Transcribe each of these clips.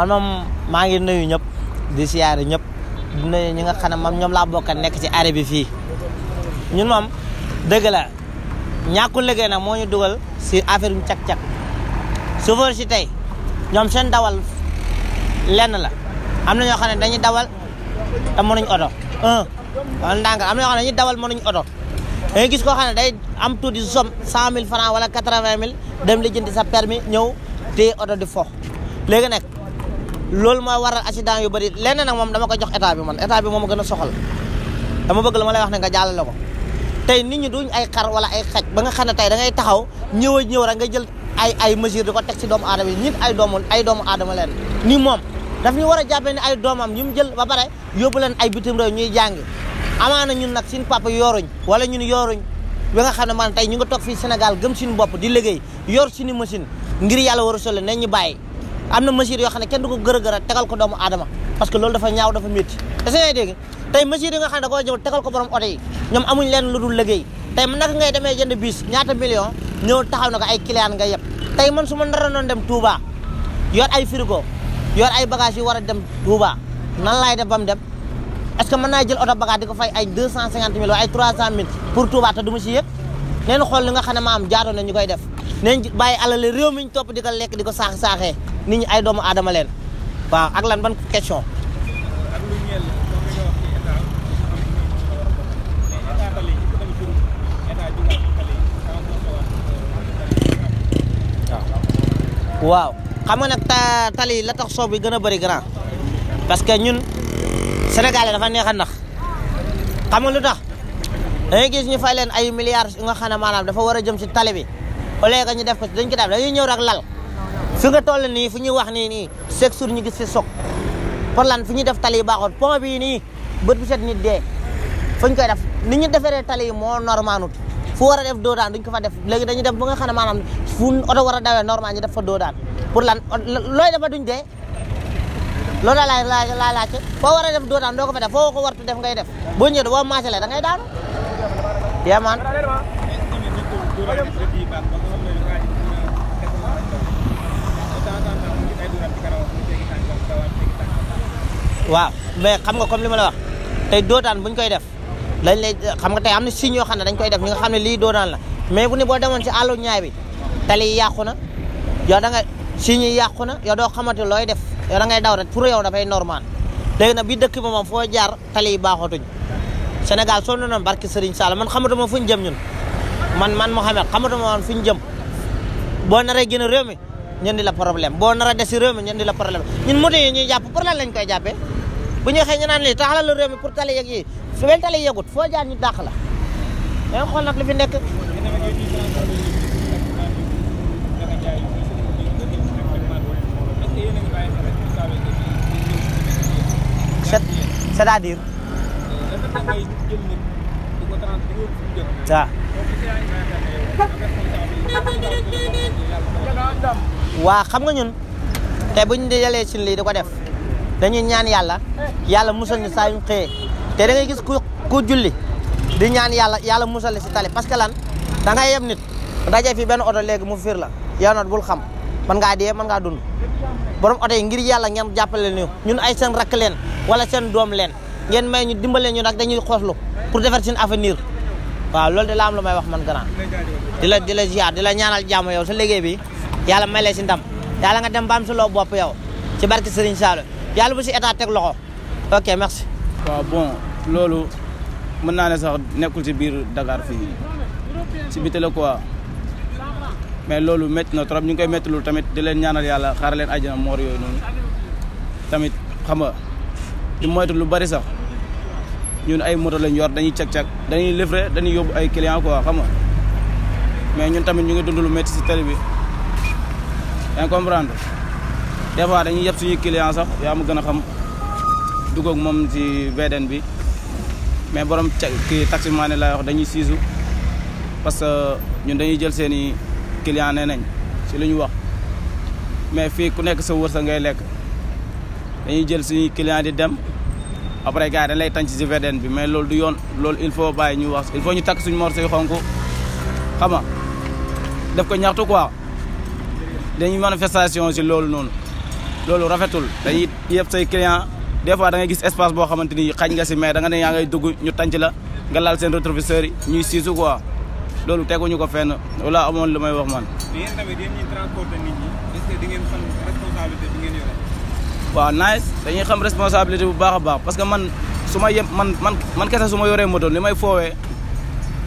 man moom maa ngi nuyu ñëpp di siyaare ñëpp di nuyu ñi nga xam ne moom ñoom laa bokk nekk ci arrêt bi fii ñun moom dëgg la ñàkkul liggéey nag moo ñu dugal si affaire yu cag-cag chauffeur si tey ñoom seen dawal lenn la am na ñoo xam ne dañuy dawal te mënuñ oto un wala ndànk am na ñoo xam ne dawal dawal mënuñ odo da gis koo xam ne day am tuuti somme cent mille franc wala quatre-vingt mille dem li jëndi sa permis ñëw téye oto di fo léegi nag loolu mooy waral accident yu bëri lenn nag moom dama ko jox état bi man état bi moom a gën a soxal dama bëgg la ma lay wax ne nga jàllale ko tey nit ñi duñ ay xar wala ay xaj ba nga xam ne tey da ngay taxaw ñëw a ñëw rek nga jël ay ay mesure di ko teg si doomu aadama yi nit ay doomu ay doomu aadama leen ni moom daf ñu war a jàppee ni ay doomam ñu mu jël ba pare yóbbu leen ay bitim réew ñuy amaan amaana ñun nag suñ papa yoruñ wala ñun yoruñ ba nga xam ne man tey ñu nga toog fi Sénégal gëm suñu bopp di liggéey yor suñu machine ngir yàlla war a sole nañ ñu bàyyi am na mesures yoo xam ne kenn du ko gër a a tegal ko doomu aadama parce que loolu dafa ñaaw dafa métti est-ce que dégg tey mesures yi nga xam ne da tegal ko borom oto ñoom amuñ leen lu dul liggéey tey naka ngay demee jënd biis ñaata million ñëw taxaw na ko ay client nga yëpp tey man su ma nara noon dem Touba yor ay frigo yor ay bagages yu war dem Touba nan laay def ba mu dem est-ce que mën naa jël oto bagage di ko fay ay deux cent cinquante mille trois cent mille pour Touba te du neen xool li nga xam ne maam jaaro na ñu koy def neen bàyyi alal réew mi ñu top di ko lekk di ko saax saaxe ni ñi ay doomu aadama leen waaw ak lan ban question. waaw xam nga nag tali la tax soob bi gën a bëri grand parce que ñun sénégalais dafa neex a ndax xam nga lu tax. da ngay gis ñu fay leen ay milliards yu nga xam ne maanaam dafa war a jëm ci tali bi au lieu que ñu def ko ci dañ ko def dañuy ñëw rek lal fi nii fi ñuy wax nii nii chaque jour ñu gis fi soog pour lan fu ñuy def tali yi baaxoon pont bii nii bët bu set nit dee fu koy def ni ñu defaree tali yi moo normalut fu war def doodaan daan duñ ko fa def léegi dañuy def ba nga xam ne maanaam fu oto war normal ñu def fa doo daan pour lan looy a duñ dee loo daal laay laay laajte foo war a def doo daan doo ko fa def foo ko wartu def ngay def boo ñëwee boo marché la da ngay daanu Yeah, man. waaw mais xam nga comme li ma la wax tey dootaan buñ koy def dañ lay xam nga tey am na signe yoo xam ne dañ koy def ñu nga xam ne lii dootaan la mais bu ne boo demoon si àllu ñaay bi tali yi yàqu na yoo danga nga signe yàqu na yow doo xamante looy def yow da ngay daw rek pour yow dafay normal léegi nag bi dëkk bi moom foo jaar tali yi baaxootuñ Sénégal sonn na barki Serigne Sall man xamatuma fu ñu jëm ñun man man Mouhamed xamatuma woon fu ñu jëm boo naree gën a réew mi ñun di la problème boo nar a des réew mi ñun di la problème ñun moto yi ñuy jàpp pour lan lañ koy jàppee bu ñu xëy ñu naan lii la réew mi pour tali yeeg yi su wel tali yegut foo jaar ñu dàq la da xool nag li fi nekk cest à waaw. waa xam nga ñun te buñ di yalee sin lii di ko def dañuy ñaan yàlla yàlla musal ñu saa yuñ xëyee te da ngay gis ku ku julli di ñaan yàlla yàlla musal la si tali parce que lan da ngay yem nit daje fi benn oto léegi mu fiir la yow nag bul xam mën nga dee mën nga dund borom oto yi ngir yàlla ngeen jàppale ñu ñun ay seen rakk leen wala seen doom leen ngeen may ñu dimbale ñu nag dañuy xooslu pour defar seen avenir waaw loolu de la am lu may wax man grand di la di la di la ñaanal jàmm yow sa liggéey bi yàlla may la si ndam yàlla nga dem ba si loo bopp yow ci barke Serigne Sall yàlla bu si état teg loxo ok merci. waaw bon loolu mën naa ne sax nekkul si biir Dakar fii si biti la quoi loolu métti na trop ñu ngi koy métti lu tamit di leen ñaanal yàlla xaar leen àjjana moor yooyu noonu tamit xam nga di moytu lu bari sax. ñun ay moto lañ yor dañuy cag-cag dañuy livré dañuy yóbbu ay client quoi xam mais ñun tamit ñu ngi dund lu métti si télé bi yaa comprendre des fois dañuy yeb suñuy client sax yaa mu gën a xam dugg ak moom si VDN bi mais borom ca kii taximaane lay wax dañuy siisu parce que ñun dañuy jël seen i client nee nañ si lu ñu wax mais fii ku nekk sa wërsëg ngay lekk dañuy jël suñuy client di dem après gars yi dañ lay tànc si VDN bi mais loolu du yoon loolu il faut bàyyi ñu wax il faut ñu takk suñu morceau yu xonk xam nga def ko ñaxtu quoi dañuy manifestation si loolu noonu loolu rafetul dañuy yëpp say client des fois da ngay gis espace boo xamante ni xañ nga si mais da nga ne yaa ngay dugg ñu tànc la nga laal seen rétroviseurs yi ñuy siisu quoi loolu teguñu ko fenn wala amoon lu may wax man. mais waaw nice dañuy xam responsabilité bu baax a baax parce que man su ma yeb man man man kese su ma yoree moto li may foowee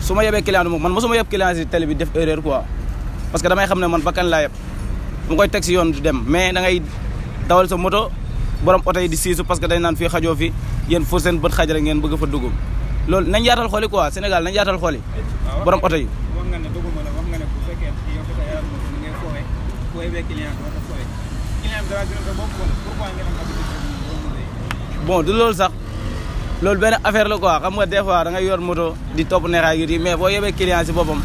su ma yebee client moom man mosuma yeb client si télé bi def erreur quoi parce que damay xam ne man bakkan laa yeb mu koy teg si yoon du dem mais da dawal sa moto borom oto yi di siisu parce que dañ naan fii xajoo fi yéen fur seen bët xaj rek ngeen bëgg fa dugg loolu nañ yaatal xooli quoi Sénégal nañ yaatal xooli borom oto yi. wax nga ne dugg ma fekkee yow bon du loolu sax loolu benn affaire la quoi xam nga des fois da ngay yor moto di topp neexaay yi mais boo yebee client si boppam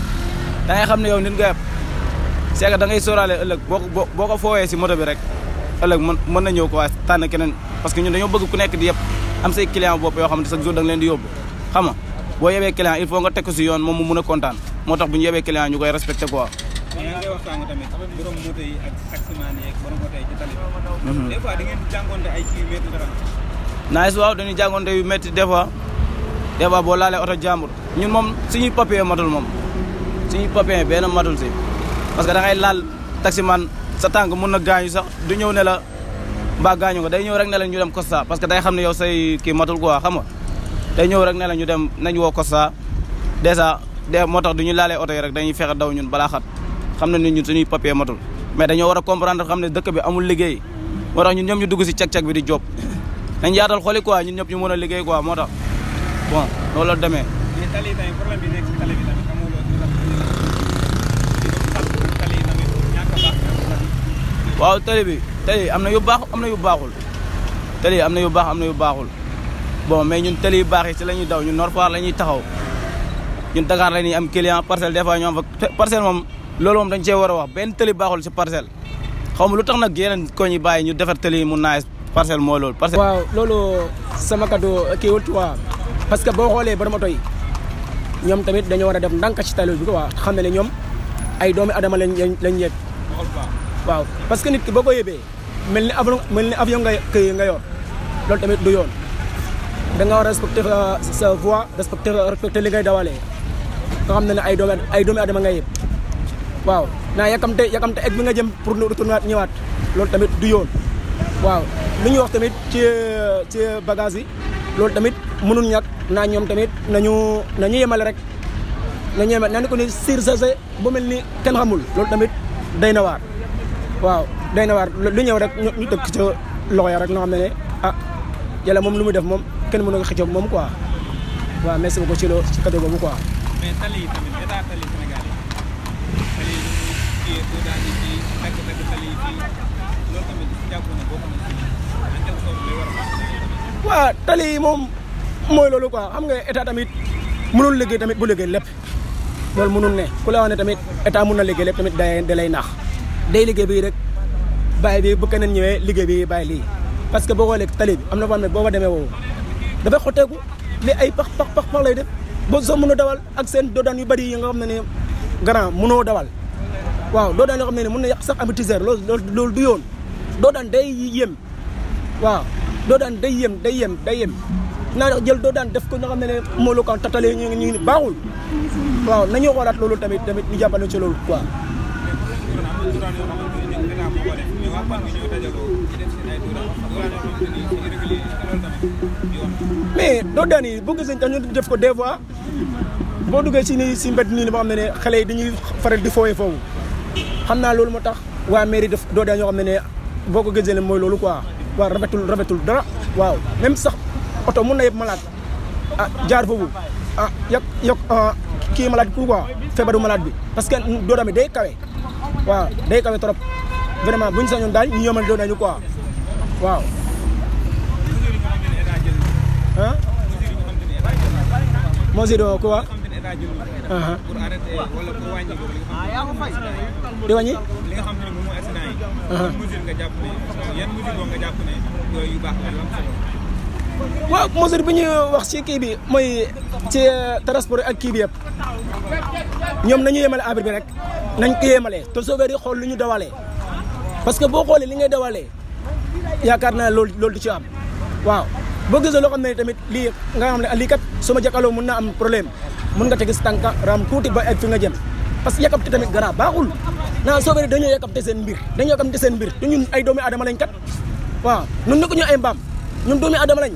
da xam ne yow nit nga yeb c'est que da ngay sóoraale ëllëg boo boo ko foowee si moto bi rek ëllëg mën mën na ñëw quoi tànn keneen parce que ñun dañoo bëgg ku nekk di yeb am say client yoo xam ne chaque jour da leen di yóbbu xam nga boo yebee client il faut nga teg ko si yoon moom mu mun a kontaan moo tax bu ñu yebee client ñu koy respecté ko wax sànq tamit borom mhm. di jàngonte ay kii yu métti dara. dañuy jàngonte yu métti des fois des fois boo laalee oto jàmbur ñun moom suñuy papier matul moom suñuy papier benn matul si parce que da ngay laal taximan sa tànk mun na gaañu sax du ñëw ne la mbaa gaañu ko day ñëw rek ne la ñu dem Costa parce que day xam ne yow say kii matul quoi xam nga day ñëw rek ne la ñu dem nañu woo Costa dèjà de moo tax du ñu laalee oto yi rek dañuy fexe daw ñun balaa xat. xam na ne ñun suñuy papier matul mais dañoo war a comprendre xam ne dëkk bi amul liggéey moo tax ñun ñoom ñu dugg si cag-cag bi di job nañ yaatal xooli quoi ñun ñëpp ñu mën a liggéey quoi moo tax bon loolu la demee waaw tali bi tali am na yu baax am na yu baaxul tali am na yu baax am na yu baaxul bon mais ñun tali yu baax yi si la ñuy daw ñun Nord Foire la ñuy taxaw ñun Dakar la ñuy am client parcelle des fois ñu am fa parcelle moom loolu moom dañ cee war a wax benn tëli baaxul si parcelle xaw ma lu tax nag yeneen ko ñu bàyyi ñu defar tëli mu naaj parcelle mooy loolu. waaw loolu sama kaddu kii wul quoi parce que boo xoolee borom oto yi ñoom tamit dañoo war a def ndànk ci tali bi waa xam ne ne ñoom ay doomi adama lañ lañ yëg waaw parce que nit ki boo ko yëbee mel ni avion mel ni avion nga këy nga yor loolu tamit du yoon da nga war a respecter euh, sa voie respecter respecter li ngay dawalee nga xam ne ne ay doomi ay doomi adama nga yëpp waaw naa yàkkamte yàkkamte egg bi nga jëm pour nu retournaat ñëwaat loolu tamit du yoon waaw lu ñuy wax tamit ci ci bagage yi loolu tamit mënul ñàkk naa ñoom tamit nañu nañu yemale rek nañu yemale naa ni ko ni sir sase bu mel ni kenn xamul loolu tamit day na waar waaw day na waar lu ñëw rek ñu tëkk ca loxo ya rek nga xam ne ne ah yàlla moom lu muy def moom kenn mënu ko xëccoo moom quoi waaw merci beaucoup ci lo ci côté boobu quoi góodaan yi fii yi tali moom mooy loolu quoi xam nga état tamit mënul liggéey tamit bu liggéey lépp loolu mënul ne ku la wax ne tamit état mun na liggéey lépp tamit day da lay naax day liggéey bii rek bàyyi bi bu keneen ñëwee liggéey bi bàyyi lii parce que boo xoolee tali bi am na foo xam ne boo fa demee woowu dafay xotteeku li ay pax pax pax pax lay de ba soo mën a dawal ak seen doodaan yu bari yi nga xam ne ne grand mënoo dawal waaw doo daan xam ne mën na yàq sax amortisseur loolu loolu du yoon doo day yem waaw doo day yem day yem day yem naa jël doo daan def ko nga xam ne ne moo la ñu ngi ñu baaxul waaw nañoo xoolaat loolu tamit tamit ñu jàppale ci loolu quoi. mais doo daan yi boo gisee def ko des fois boo duggee si nii si mbet nii ba xam ne ne xale yi dañuy faral di fooyee foofu. xam naa loolu moo tax waa mairie daf doo dañoo ne ne boo ko gëjee mooy loolu quoi waaw rafetul rafetul dara waaw même sax oto mun na yëpp malade ah jaar foofu ah yokk yokk ah, kii malade ku quoi feebaru malade bi parce que doodam bi day kawe waaw day kawe trop vraiment bu ñu sañoon daal ñu yomal doon nañu quoi waaw ah mesure quoi ngaa jël uh-huh. pour arrêter wala xam di wàññi li nga xam ne uh-huh. bi ñuy wax ci kii bi mooy ci uh, transport ak kii bi yëpp ñoom nañu yemale abri bi rek nañ ko yemalee te sauveur xool lu ñu dawalee parce que boo xoolee li ngay dawalee yaakaar naa ci am waaw boo gisee loo xam ne tamit lii nga xam ne lii kat su ma jàkkaarloo mun naa am problème mun nga tegis tànka raam tuuti ba egg fi nga jëm parce que yàkkamti tamit gara baaxul naa soo bëri dañoo yàkkamte seen mbir dañoo yàkkamte seen mbir te ñun ay doomi adama lañ kat waaw ñun nekkuñu ay mbaam ñun doomi adama lañ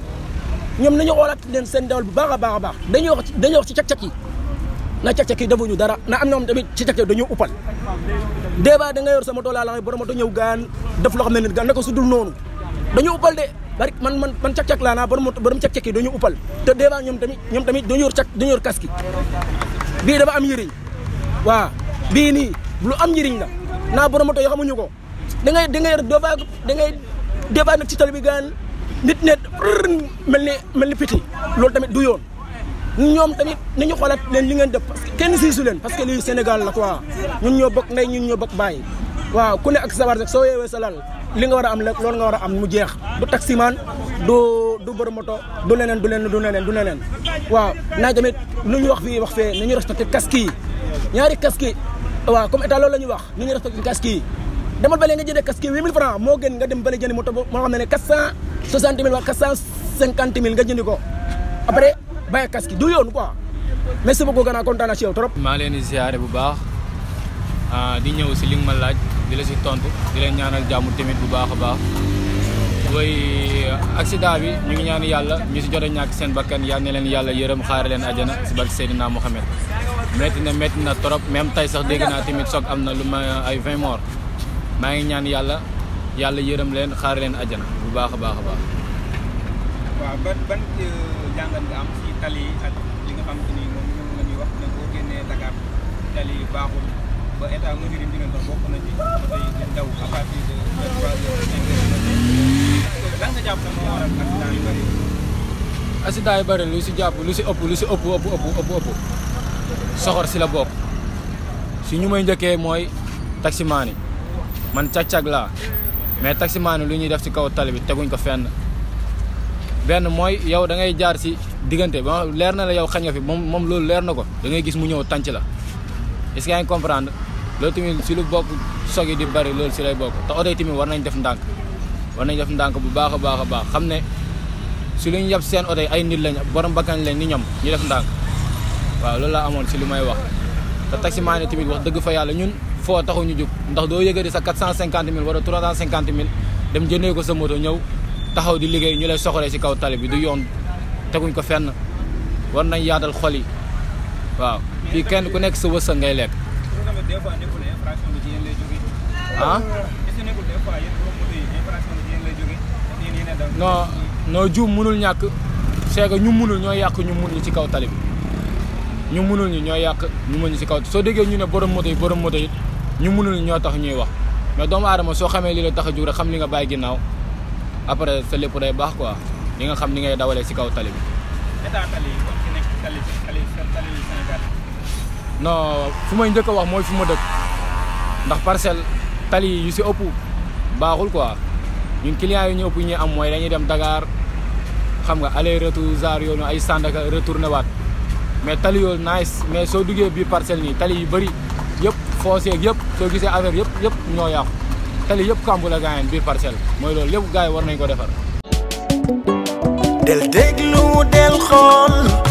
ñoom nañu xoolaat leen seen dawal bu baax a baax a baax dañuy wax dañuy ci cak-cak yi na cak-cak yi na am na tamit ci cak-cak dañoo uppal débat da nga yor sa moto laa la borom moto ñëw gaan def loo xam ne nit gaan ko su dul noonu dañoo uppal de bari man man man cak-cak laa naa borom borom cak-cak yi dañu uppal te dèjà ñoom tamit ñoom tamit dañu yor cak dañu yor kaski bii dama am njëriñ waaw bii nii lu am njëriñ la naa borom moto yoo xamuñu ko da ngay da ngay doofa da ngay dèjà nag ci tali bi gaan nit ne mel ni mel ni piti loolu tamit du yoon ñoom tamit nañu xoolaat leen li ngeen def parce que kenn siisu leen parce que lii Sénégal la quoi ñun ñoo bokk ndey ñu ñoo bokk bàyyi waaw ku ne ak sa war rek soo yeewee sa lal li nga war a am la loolu nga war a am mu jeex du taximaan du du borom moto du leneen du leneen du leneen du leneen waaw naa tamit lu ñu wax fii wax fee nañu respecté casque yi ñaari casque yi waaw comme état loolu la ñuy wax ni ñu respecté casque yi demal balee nga jëndee casque yi huit francs moo gën nga dem bale jënd moto moo xam ne ne quatre cent soixante mille wala quatre cent cinquante mille nga jëndi ko après bàyyi casque yi du yoon quoi merci beaucoup gannaaw kontaan naa ci yow trop maa leen di ziare bu baax ah, di ñëw si li nga ma laaj di la si tontu di leen ñaanal jàmm tamit bu baax a baax booy accident bi mu ngi ñaan yàlla ñu si jot a ñàkk seen bakkan yal na leen yàlla yërëm xaare leen ajana si barke Seydina Mohamed métti na métti na trop même tey sax dégg naa tamit soog am na lu ma ay 20 maa ngi ñaan yàlla yàlla yërëm leen xaare leen ajana bu baax a baax a baax. waaw euh, ba état mesure yi mbiroon sax bokk na lu si jàpp lu si ëpp lu si ëpp ëpp ëpp ëpp ëpp soxor si la bokk si ñu may njëkkee mooy taximaan yi man cag-cag laa mais taximaan lu ñuy def si kaw tali teguñ ko fenn benn mooy yow da ngay jaar si diggante ba leer na la yow xañ fi moom moom loolu leer na ko dangay ngay gis mu ñëw tànc la est-ce comprendre loolu tamit si lu bokk sog yi di bari loolu si lay bokk te oto yi war nañ def ndànk war nañ def ndànk bu baax a baax a baax xam ne si lu ñu yab seen oto ay nit lañ borom bakkan leen ni ñoom ñu def ndànk waaw loolu laa amoon si lu may wax te taximaan yi tamit wax dëgg fa yàlla ñun foo taxu ñu jóg ndax doo yëgadi sa 450 000 wala 350 000 dem jëndee ko sa moto ñëw taxaw di liggéey ñu lay soxoree si kaw tali bi du yoon teguñ ko fenn war nañ yaatal xol yi waaw kenn ku nekk sa wërsëg ngay lekk des fois nekkul infraction bi ci yéen lay ah? ñàkk c'est que ñu mënul ñoo yàq ñu mun ñi ci kaw tali bi ñu munul ñu ñoo yàq ñu mun ñu ci kaw soo déggee ñu ne borom moto yi borom moto yi ñu mënul ñoo tax ñuy wax mais doomu aadama soo xamee li la tax a jug rek xam li nga bàyyi ginnaaw après sa lépp day baax quoi li nga xam ni ngay dawalee ci kaw tali bi. non fu may njëkk a wax mooy fu ma dëkk ndax parcelle tali yu si ëpp baaxul quoi ñun clients yi ñu ëpp ñuy am mooy dañuy dem dagaar xam nga aller retour genre yooyu ay Sandaga retourné waat mais tali yooyu nice mais soo duggee biir parcelle nii tali yu bëri yëpp fooseeg yëpp soo gisee affaire yëpp yëpp ñoo yàqu tali yëpp kàmb la gaañeen biir parcelle mooy loolu yëpp gars yi war nañ ko defar del déglu del xool